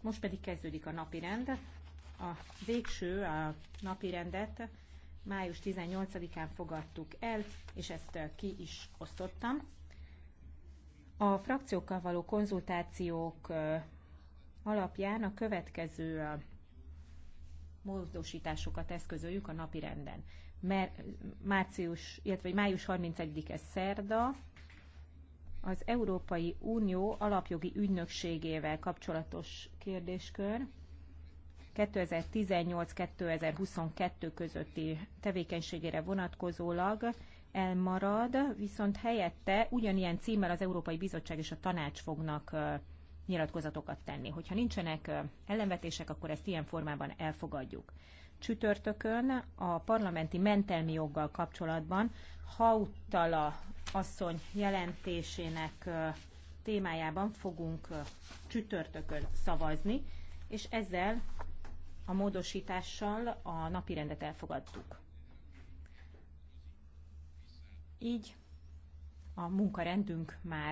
Most pedig kezdődik a rend. A végső a napirendet május 18-án fogadtuk el, és ezt ki is osztottam. A frakciókkal való konzultációk alapján a következő módosításokat eszközöljük a napirenden. Mert március, illetve május 31-e szerda, az Európai Unió alapjogi ügynökségével kapcsolatos kérdéskör 2018-2022 közötti tevékenységére vonatkozólag elmarad, viszont helyette ugyanilyen címmel az Európai Bizottság és a Tanács fognak nyilatkozatokat tenni. Hogyha nincsenek ellenvetések, akkor ezt ilyen formában elfogadjuk. Csütörtökön a parlamenti mentelmi joggal kapcsolatban Hautala asszony jelentésének témájában fogunk csütörtökön szavazni, és ezzel a módosítással a napirendet elfogadtuk. Így a munkarendünk már